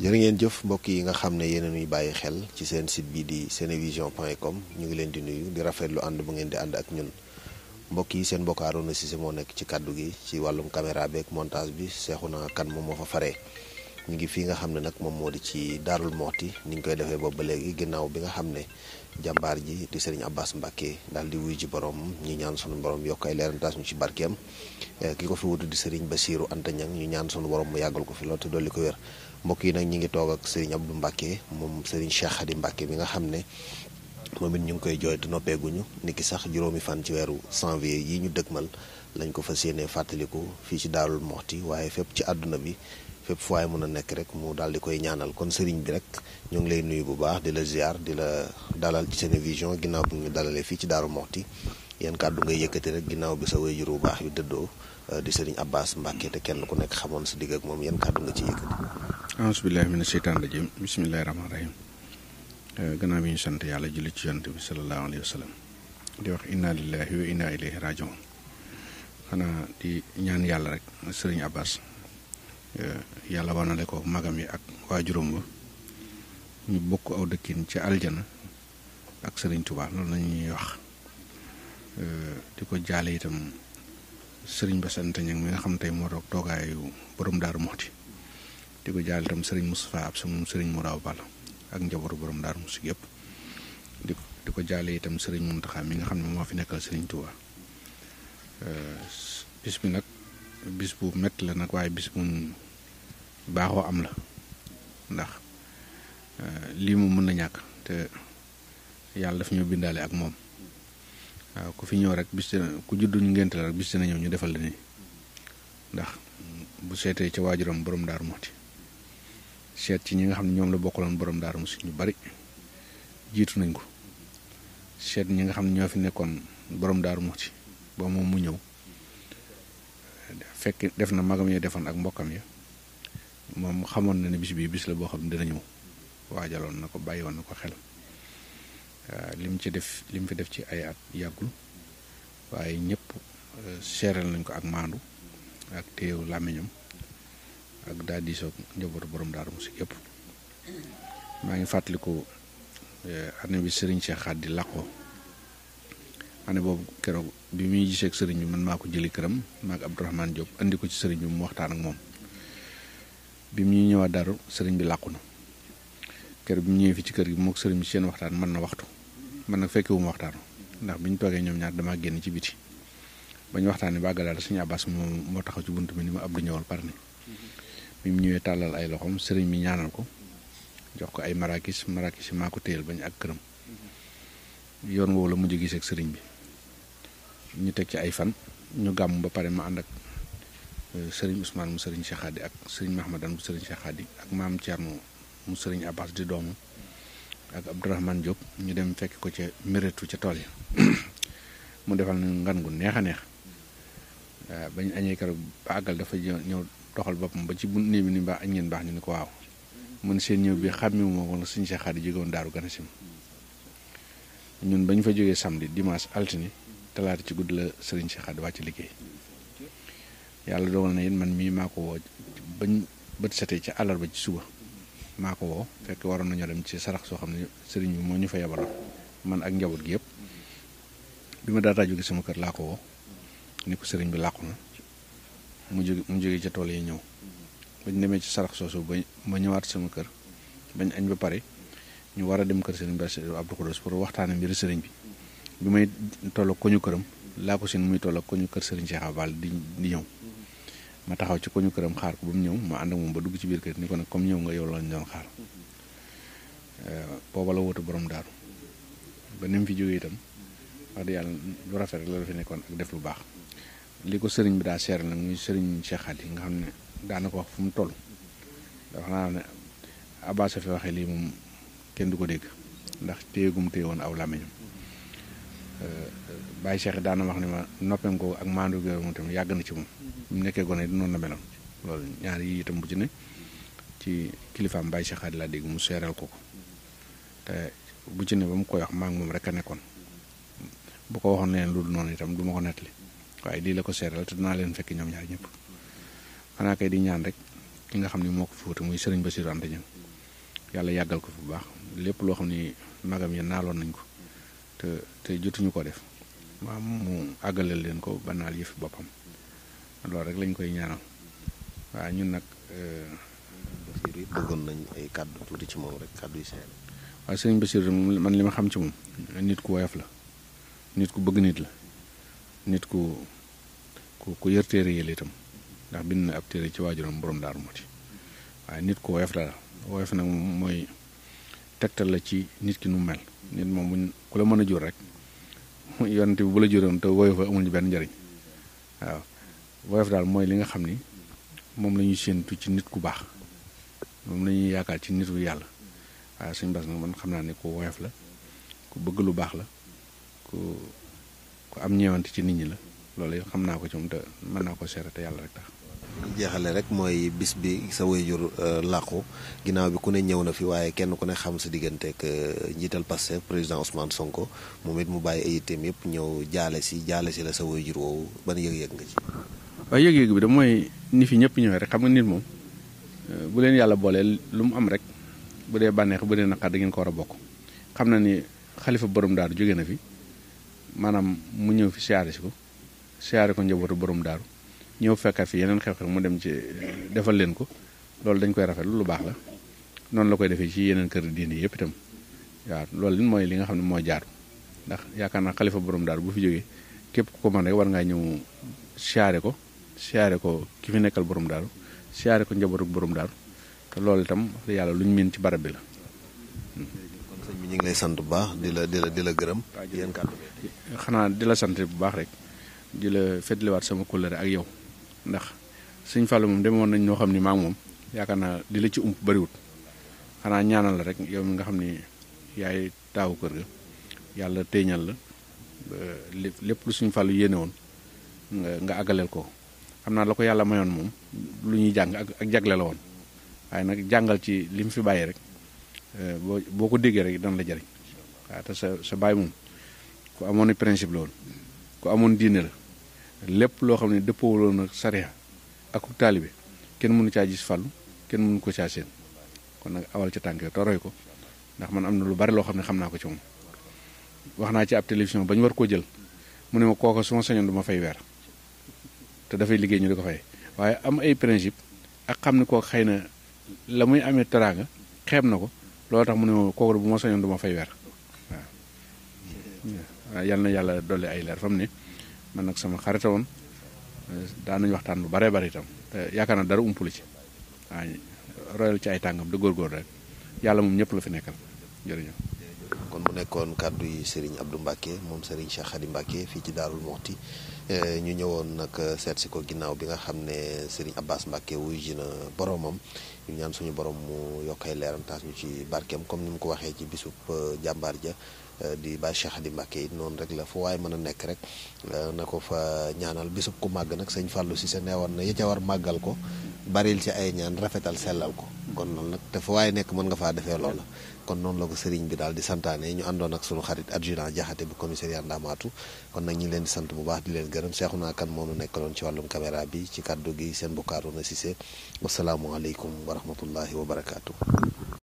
jërë ngeen jëf mbokk yi nga xam ne yéen a bàyyi xel ci seen site bi di senevision point com ñu ngi leen di nuyu di rafetlu ànd bu ngeen di ànd ak ñun mbokk yi seen na Arouna Cissé moo nekk ci kàddu gi ci wàllum caméra beeg montage bi Seexuna Kan moom moo fa faree ñu ngi fii nga xam ne nag moom moo di ci daarul moxti ni ngi koy defee boobu ba léegi ginnaaw bi nga xam ne jàmbaar ji di sëriñ abbas mbàkke daal di wuy ji borom ñu ñaan sunu borom yokk ay leeram ñu ci barkeem eh, ki ko fi wutu di sëriñ antañang ñu ñaan sunu borom mu yàggal ko fi lool te dolli ko wér mbokk yi nag ñi ngi toog ak Serigne Abdou Mbacke moom Serigne Cheikh Khady Mbacke bi nga xam ne moom it ñu ngi koy jooytu noppeeguñu niki sax juróomi fan ci weeru janvier yi ñu dëgmal lañ ko fa yéenee fàttaliku fii ci Daarul Moxti waaye fépp ci àdduna bi fépp fu mun a nekk rek mu daal di koy ñaanal kon Serigne bi rek ñoo ngi lay nuyu bu baax di la ziar di la dalal ci Senevision ginnaaw bi ñu dalalee fii ci Daarul Moxti yan kàddu ngay yëkkati rek ginnaaw bi sa wéyjur bu baax bi dëddoo di Serigne Abbas Mbacke te kenn ku nekk xamoon sa digg ak moom yéen kàddu nga ci yëkkati. aasubillahi mina la rajim bisimilahi rahmaani rahim euh, gannaaw bi ñu sant yàlla julli ci yonent bi salallahu alayhi wa sallam di wax inna lillahi wa inna ilayhi rajiun xanaa di ñaan yàlla rek sëriñ abbas euh, yàlla wanale ko magam yi ak waajuram ba ñu bokk aw dëkkin ci aljana ak sëriñ tubaa loolu lañuy wax euh, di ko jaale itam sëriñ ba sant ñag mi nga xam tey moo toog toogaayu borom daaru moxti di ko jaal itam sëriñ Moustapha ab sa moom sëriñ Mourao Ball ak njabootu boroom Daaru Muxti yëpp di ko di ko jaale itam sëriñ Mountakha mi nga xam ne moo fi nekkal sëriñ Touba bis bi nag bis bu metti la nag waaye bis bu baaxoo am la ndax lii moom mën na ñàkk te yàlla daf ñu bindaale ak moom waaw ku fi ñëw rek bis dina ku juddu ñu ngénte la rek bis dina ñëw ñu defal la nii ndax bu seetee ca waajuram borom Daaru Muxti seet ci ñi nga xam ne la bokkolon borom daaru musi ñu bari jitu nañ ko seet ñi nga xam ne fi nekkoon borom daaru ci ba mo mu ñew fekk def na magam ya defoon ak mbokam ya mom xamoon na ne bis bi bis la bo xam dina ñew na ko bàyyi xel lim ci def lim fi def ci ay at yagul waye ñepp sérel nañ ko ak maandu ak téew lamiñum ak daa sok njabootu borom daaru musik yep ma ngi fàttaliku ane bi serigne Cheikh Xaat lako ane année kero bi mi gisee ak serigne man mako jeli kërëm mak abdourahman Diop andi ko ci serigne mu waxtaan ak mom bi mi ñëwa ñëwaat daaru sëriñ bi làqu na kër bi ñëw fi ci kër gi mok serigne seen waxtaan man na waxtu man nag fekkewuma waxtaan ndax biñ toge ñom ñaar dama genn ci biti bañ waxtaanee ba àggalaale serigne abbas mo taxaw ci buntu bi ni ma Abdou ñëwal parni bi mu talal ay loxom sëriñ mi ñaanal ko jox ko ay marakis marakis ma ko teyel bañ ak kërëm yoon wo la mujj gis ak sëriñ bi ñu tek ci ay fan ñu gam ba paré ma ànd ak euh, sëriñ Ousmane mu sëriñ Cheikh Hadi ak sëriñ Mahmadan mu sëriñ Cheikh Hadi ak maam tiarno mu sëriñ Abbas di doomu ak Abdourahmane Diop ñu dem fekk ko ci meretu ci tol yi mu defal na ngan gu neex a neex bañ añee kër ba dafa ñëw doxal bopam ba ci bu ni ni ba añ ngeen baax ñu ni ko waaw mun seen ñew bi xàmmiwuma wala suñ sa xaar jógewoon daaru gana sim ñun bañ fa joggé samedi dimanche altini talaata ci gudd la sëriñ si xadd wàcc liggéey yàlla dogal na yeen man mi mako wo bañ bëtt sété ci ba ci suba mako wo fekk waroon nañu dem ci sarax so xamni ne bi ñu fa yabal man ak njabot gi yépp bima data joggé sama kër la ko wo ni ko sëriñ bi làqu na mu jóge mu jóge ca tool yi ñëw bañ demee ci sarax soosu ba ma ñëwaat sama kër bañ añ ba pare ñu war a dem kër sëriñ ba euh, Abdou Khoudoss pour waxtaane mbiri sëriñ bi bi may toll ko ñu këram laa ko sin muy toll koñu ñu kër sëriñ Cheikh Abal di di ñëw ma taxaw ci koñu këram xaar ko ba ñëw ma ànd moom ba dugg ci biir kër ni ko nag comme ñëw nga yow lañ doon xaar euh, booba la woote boroom daaru ba ni mu fi jógee itam wax dëgg yàlla lu rafet rek la fi nekkoon ak def lu baax li ko sëriñ bi daa seer nag muy sëriñ seexaat yi nga xam ne daanaka wax fu mu toll dafa naa ne Abass fi waxee lii moom kenn du ko dégg ndax téye gum téye woon aw làmmiñam Baye Cheikh daana wax ne ma noppem ko ak maandu gi moom yàgg na ci moom. mu nekkee gone it noonu la meloon loolu ñaar yi itam bu ci ci kilifaam Baye Cheikh Khady laa dégg mu seeral ko ko te bu ci ne ba mu koy wax maa moom rek a nekkoon bu ko waxoon leen loolu noonu itam du ma ko waaye lii la ko seeral te dinaa leen fekk ñoom ñaar ñëpp xanaa kay di ñaan rek ki nga xam ne moo ko fi muy sëriñ Bassirou Anta Niang yàlla yàggal ko fi bu baax lépp loo xam ni magam ya naaloon nañ ko te te jotuñu ko def waaw mu àggale leen ko ba naal yëfi boppam loolu rek lañ koy ñaanal waaw ñun nag. Euh, Bassirou it bëggoon nañ ay kàddu tuuti ci moom rek kàddu yu seere waaw sëriñ Bassirou moom man li ma xam ci moom nit ku woyof la nit ku bëgg nit la. nit ku ku ku yër téere yi itam ndax bind na ab téere ci waajuram borom daaru Muxti waaye nit ku woyof la woyof nag mooy tegtal la ci nit ki nu mel nit moom ku la mën a jur rek yonente bi bu la juróon te woyofa amul ñu benn njariñ waaw woyof daal mooy li nga xam ni moom lañuy ñuy séentu ci nit ku baax moom lañuy yaakaar ci nitu yàlla waaye suñ bas nag man xam naa ne ku woyof la ku bëgg lu baax la am ñewant ci nit ñi la loolu xam naa ko ci moom te mën naa ko seere te yàlla rek tax jeexale rek mooy bis bi sa wayjur euh, làqu ginnaaw bi ku ne ñëw na fi waaye kenn ku ne xam sa diggante ak euh, njiital passé président Ousmane Sonko moom it mu bàyyi ay yitteem yëpp ñëw jaale si jaale si la sa wayjur woowu ban yëg-yëg nga ci waaye yëg-yëg bi da mooy ni fi ñëpp ñëwee rek xam nga nit moom euh, bu leen yàlla booleel lu mu am rek bu dee bànneex bu dee naqar da ngeen ko war a bokk xam na ni xalifa borom daar jóge na fi maanaam mu ñëw fi siyaare si ko siyaare ko njabootu borom daaru ñëw fekkaat fi yeneen xew-xew mu dem ci defal leen ko loolu dañ koy rafet lu lu baax la noonu la koy defee ci yeneen kër diine yëpp itam waaw loolu li mooy li nga xam ne moo jaatu ndax yaakaar naa xalifa borom daaru bu fi jógee képp ku ko mën rek war ngaa ñëw siyaare ko siyaare ko ki fi nekkal borom daaru siyaare ko njabootu borom daaru te loolu itam yàlla lu ñu miin ci barab bi la hmm. sëñ ñu ngi lay sant bu baax di la di la di la gërëm. yéen kàddu xanaa di la sant bu baax rek di la fetliwaat sama kóllëre ak yow ndax suñ Fallou moom demoon nañ ñoo xam ni maa moom yaakaar naa di la ci ump bariwut xanaa ñaanal la rek yow mi nga xam ni yaay taawu kër ga yàlla téeñal la lépp lu suñ Fallou yéene woon nga àggaleel ko xam naa la ko yàlla mayoon moom lu ñuy jàng ak ak jagle la woon waaye nag jàngal ci li mu fi bàyyi rek. Eh, boo boo ko déggee rek dana la jariñ waaw te sa sa baay moom ku amoon principe loolu ku amoon diine la lépp loo xam ne dëppoowuloon ak sariya ak ku taalibe kenn mënu caa gis fàllu kenn mënu ko caa seen kon nag awal ci tànk te roy ko ndax man am na lu bari loo xam ne xam naa ko ci moom wax naa ci ab télévision bañ war koo jël mu ne ma kooka suma sañoon du ma fay weer te dafay liggéey ñu di ko fay waaye am ay principe ak xam ne kooku xëy na la muy amee teraanga xeeb na ko loolu tax mu ne moom kooku bu ma sañoon du ma fay weer waaw yal na yàlla dolli ay leer fa mu ne man nag sama xarita woon daan nañu waxtaan bu baree bari itam yaakaar naa dara umpul ci waaw royal ci ay tàngam di góorgóor rek yàlla moom ñëpp la fi nekkal jërëjëf kon mu nekkoon kàddu yi Serigne Abdou Mbacke moom Serigne Cheikh Khady Mbacke fii ci Darou Mouhty eh, ñu ñëwoon nag eh, seet si ko ginnaaw bi nga xam ne Serigne Abbas Mbacke wuy ji na boromam ñaan suñu borom mu yokkay leeram taas ñu ci barkeem comme ni mu ko waxee ci bisub eh, jàmbaar ja di Baye Cheikh Khady yi noonu rek la fu waaye mën a nekk rek na ko fa ñaanal bisub ku màgg nag sëñ Fallou Cissé neewoon na ya ca war màggal ko. baril ci ay ñaan rafetal sellal ko kon noonu nag dafa waaye nekk mën nga faa defee loola kon noonu la ko sëriñ bi daal di santaane ñu àndoon ak sunu xarit adjudant jaxate bu commissariat Ndamatou kon nag ñi leen sant bu baax di leen gërëm seexu naa kan moonu nekkaloon ci wàllum caméra bi ci kàddu gi seen bu Kaaruna Cissé wasalaamualeykum wa rahmatullahi wa barakaatu.